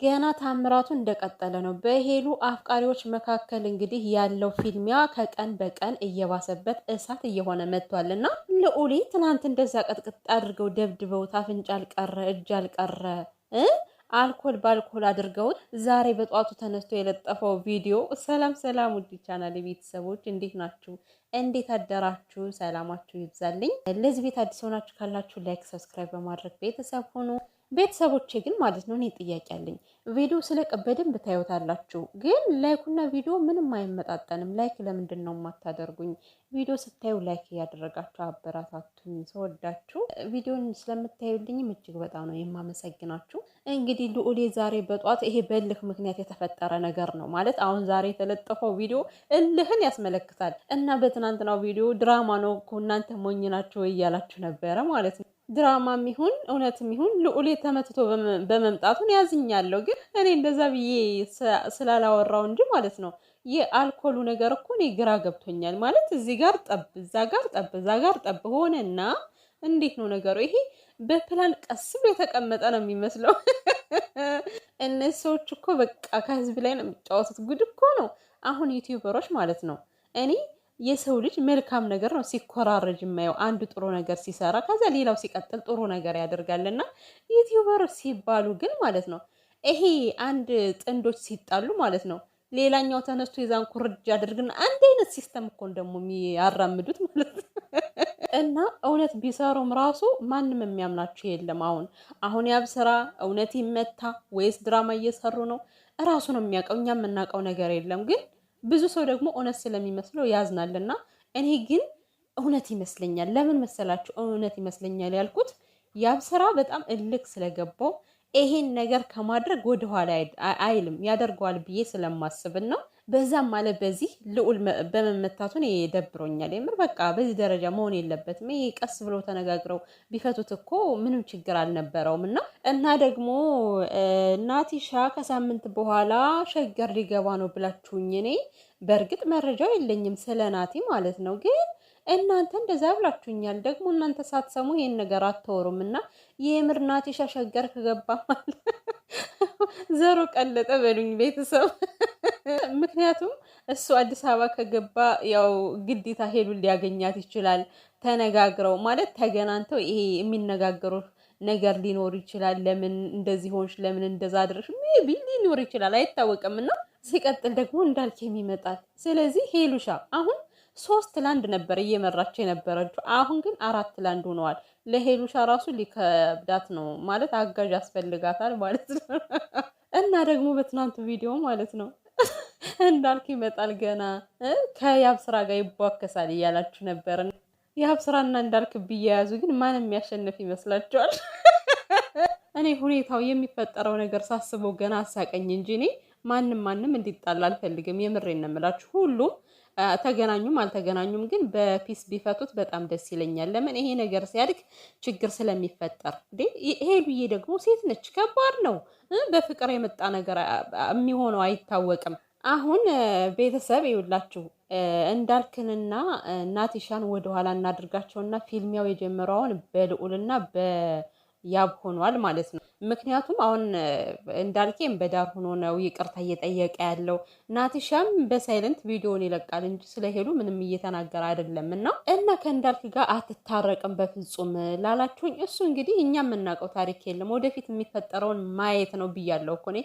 ገና ታምራቱ እንደቀጠለ ነው። በሄሉ አፍቃሪዎች መካከል እንግዲህ ያለው ፊልሚያ ከቀን በቀን እየባሰበት እሳት እየሆነ መጥቷል እና ልዑሌ ትናንት እንደዛ ቅጥቅጥ አድርገው ደብድበውት አፍንጫ አልቀረ እጅ አልቀረ አልኮል በአልኮል አድርገውት ዛሬ በጧቱ ተነስቶ የለጠፈው ቪዲዮ። ሰላም ሰላም፣ ውድ ቻናል ቤተሰቦች እንዴት ናችሁ? እንዴት አደራችሁ? ሰላማችሁ ይብዛልኝ። ለዚህ ቤት አዲስ ሆናችሁ ካላችሁ ላይክ፣ ሰብስክራይብ በማድረግ ቤተሰብ ሆኑ። ቤተሰቦቼ ግን ማለት ነው እኔ ጥያቄ አለኝ። ቪዲዮ ስለቅ በደንብ ታዩታላችሁ፣ ግን ላይኩና ቪዲዮ ምንም አይመጣጠንም። ላይክ ለምንድን ነው የማታደርጉኝ? ቪዲዮ ስታዩ ላይክ እያደረጋችሁ አበራታቱኝ። ስወዳችሁ ቪዲዮን ስለምታዩልኝም እጅግ በጣም ነው የማመሰግናችሁ። እንግዲህ ልዑሌ ዛሬ በጧት ይሄ በእልህ ምክንያት የተፈጠረ ነገር ነው ማለት አሁን ዛሬ የተለጠፈው ቪዲዮ እልህን ያስመለክታል እና በትናንትናው ቪዲዮ ድራማ ነው እኮ እናንተ ሞኝ ናችሁ እያላችሁ ነበረ ማለት ነው ድራማም ይሁን እውነትም ይሁን ልዑሌ ተመትቶ በመምጣቱን ያዝኛለሁ። ግን እኔ እንደዛ ብዬ ስላላወራው እንጂ ማለት ነው የአልኮሉ ነገር እኮ እኔ ግራ ገብቶኛል። ማለት እዚህ ጋር ጠብ፣ እዛ ጋር ጠብ፣ እዛ ጋር ጠብ ሆነና እንዴት ነው ነገሩ? ይሄ በፕላን ቀስ ብሎ የተቀመጠ ነው የሚመስለው። እነዚህ ሰዎች እኮ በቃ ከህዝብ ላይ ነው የሚጫወቱት። ጉድ እኮ ነው አሁን ዩቲዩበሮች ማለት ነው እኔ የሰው ልጅ መልካም ነገር ነው ሲኮራረጅ የማየው። አንድ ጥሩ ነገር ሲሰራ ከዛ ሌላው ሲቀጥል ጥሩ ነገር ያደርጋልና ዩቲዩበር ሲባሉ ግን ማለት ነው ይሄ አንድ ጥንዶች ሲጣሉ ማለት ነው ሌላኛው ተነስቶ የዛን ኩርጅ ያደርግና አንድ አይነት ሲስተም እኮን ደግሞ የሚያራምዱት ማለት ነው። እና እውነት ቢሰሩም ራሱ ማንም የሚያምናቸው የለም። አሁን አሁን ያብ ስራ እውነት ይመታ ወይስ ድራማ እየሰሩ ነው ራሱ ነው የሚያውቀው። እኛ የምናውቀው ነገር የለም ግን ብዙ ሰው ደግሞ እውነት ስለሚመስለው ያዝናል እና እኔ ግን እውነት ይመስለኛል። ለምን መሰላችሁ እውነት ይመስለኛል ያልኩት ያብ ስራ በጣም እልክ ስለገባው ይሄን ነገር ከማድረግ ወደኋላ አይልም ያደርገዋል ብዬ ስለማስብን ነው። በዛም ማለት በዚህ ልዑል በመመታቱን ይደብሮኛል። የምር በቃ በዚህ ደረጃ መሆን የለበትም። ይሄ ቀስ ብሎ ተነጋግረው ቢፈቱት እኮ ምንም ችግር አልነበረውም። እና እና ደግሞ ናቲሻ ከሳምንት በኋላ ሸገር ሊገባ ነው ብላችሁኝ፣ እኔ በእርግጥ መረጃው የለኝም ስለ ናቲ ማለት ነው ግን እናንተ እንደዛ ብላችሁኛል። ደግሞ እናንተ ሳትሰሙ ይህን ነገር አታወሩም እና የምር ናቲሻ ሸገር ከገባ ማለት ዘሮ ቀለጠ በሉኝ ቤተሰብ ምክንያቱም እሱ አዲስ አበባ ከገባ ያው ግዴታ ሄዱ ሊያገኛት ይችላል። ተነጋግረው ማለት ተገናንተው ይሄ የሚነጋገሩ ነገር ሊኖር ይችላል። ለምን እንደዚህ ሆንሽ፣ ለምን እንደዛ አድርሽ ቢ ሊኖር ይችላል አይታወቅም። እና ሲቀጥል ደግሞ እንዳልክ የሚመጣል። ስለዚህ ሄሉሻ አሁን ሶስት ላንድ ነበር እየመራች የነበረችው፣ አሁን ግን አራት ላንድ ሆነዋል። ለሄሉሻ ራሱ ሊከብዳት ነው ማለት አጋዥ ያስፈልጋታል ማለት ነው። እና ደግሞ በትናንቱ ቪዲዮ ማለት ነው እንዳልክ ይመጣል ገና ከያብ ስራ ጋር ይቧከሳል እያላችሁ ነበር። የሀብ ስራና እንዳልክ ብያያዙ ግን ማን የሚያሸንፍ ይመስላችኋል? እኔ ሁኔታው የሚፈጠረው ነገር ሳስበው ገና አሳቀኝ እንጂ እኔ ማንም ማንም እንዲጣላ አልፈልግም። የምሬ ነው ሁሉም ተገናኙም አልተገናኙም ግን በፒስ ቢፈቱት በጣም ደስ ይለኛል። ለምን ይሄ ነገር ሲያድግ ችግር ስለሚፈጠር። ሄሉዬ ደግሞ ሴት ነች፣ ከባድ ነው። በፍቅር የመጣ ነገር የሚሆነው አይታወቅም። አሁን ቤተሰብ ይውላችሁ እንዳልክንና ናቲሻን ወደኋላ እናድርጋቸውና ፊልሚያው የጀመረውን በልዑልና በያብ ሆኗል ማለት ነው። ምክንያቱም አሁን እንዳልኬም በዳር ሆኖ ነው ይቅርታ እየጠየቀ ያለው። ናቲሻም በሳይለንት ቪዲዮን ይለቃል እንጂ ስለሄዱ ምንም እየተናገረ አይደለም። እና እና ከእንዳልክ ጋር አትታረቅም በፍጹም ላላችሁኝ፣ እሱ እንግዲህ እኛ የምናውቀው ታሪክ የለም ወደፊት የሚፈጠረውን ማየት ነው ብያለሁ እኮ እኔ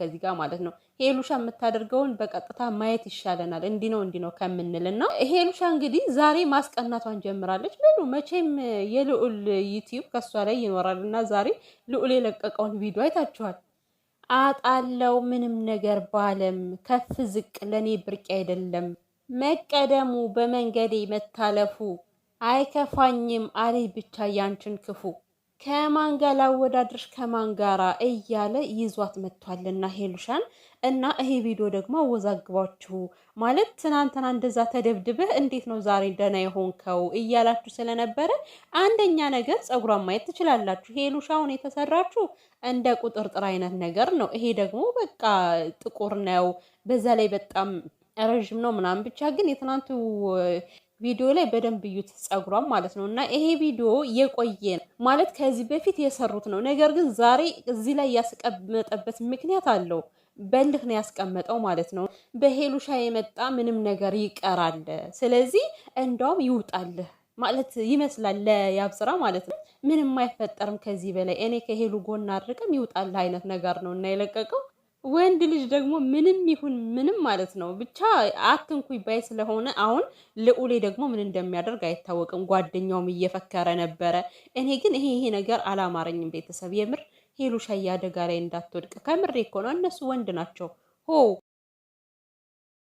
ከዚህ ጋር ማለት ነው። ሄሉሻ የምታደርገውን በቀጥታ ማየት ይሻለናል እንዲ ነው እንዲ ነው ከምንል እና ሄሉሻ እንግዲህ ዛሬ ማስቀናቷን ጀምራለች። ሉ መቼም የልዑል ዩቲዩብ ከእሷ ላይ ይኖራል እና ዛሬ ልዑል የለቀቀውን ቪዲዮ አይታችኋል። አጣለው ምንም ነገር ባለም ከፍ ዝቅ ለእኔ ብርቅ አይደለም። መቀደሙ በመንገዴ መታለፉ አይከፋኝም አሌ ብቻ ያንችን ክፉ ከማን ጋር ላወዳድርሽ ከማን ጋራ እያለ ይዟት መጥቷልና ሄሉሻን እና ይሄ ቪዲዮ ደግሞ አወዛግባችሁ ማለት ትናንትና እንደዛ ተደብድበህ እንዴት ነው ዛሬ ደህና የሆንከው እያላችሁ ስለነበረ አንደኛ ነገር ጸጉሯን ማየት ትችላላችሁ። ሄሉሻውን የተሰራችሁ እንደ ቁጥርጥር አይነት ነገር ነው። ይሄ ደግሞ በቃ ጥቁር ነው፣ በዛ ላይ በጣም ረዥም ነው ምናምን ብቻ ግን የትናንቱ ቪዲዮ ላይ በደንብ እዩት፣ ጸጉሯም ማለት ነው። እና ይሄ ቪዲዮ የቆየ ማለት ከዚህ በፊት የሰሩት ነው። ነገር ግን ዛሬ እዚህ ላይ ያስቀመጠበት ምክንያት አለው። በልህ ነው ያስቀመጠው ማለት ነው። በሄሉሻ የመጣ ምንም ነገር ይቀራል። ስለዚህ እንደውም ይውጣልህ ማለት ይመስላል ለያብስራ ማለት ነው። ምንም አይፈጠርም ከዚህ በላይ እኔ ከሄሉ ጎን አድርቅም ይውጣል አይነት ነገር ነው እና የለቀቀው ወንድ ልጅ ደግሞ ምንም ይሁን ምንም ማለት ነው ብቻ አትንኩኝ ባይ ስለሆነ አሁን ልዑሌ ደግሞ ምን እንደሚያደርግ አይታወቅም። ጓደኛውም እየፈከረ ነበረ። እኔ ግን ይሄ ይሄ ነገር አላማረኝም። ቤተሰብ የምር ሄሉሻ አደጋ ላይ እንዳትወድቅ ከምሬ እኮ ነው። እነሱ ወንድ ናቸው ሆ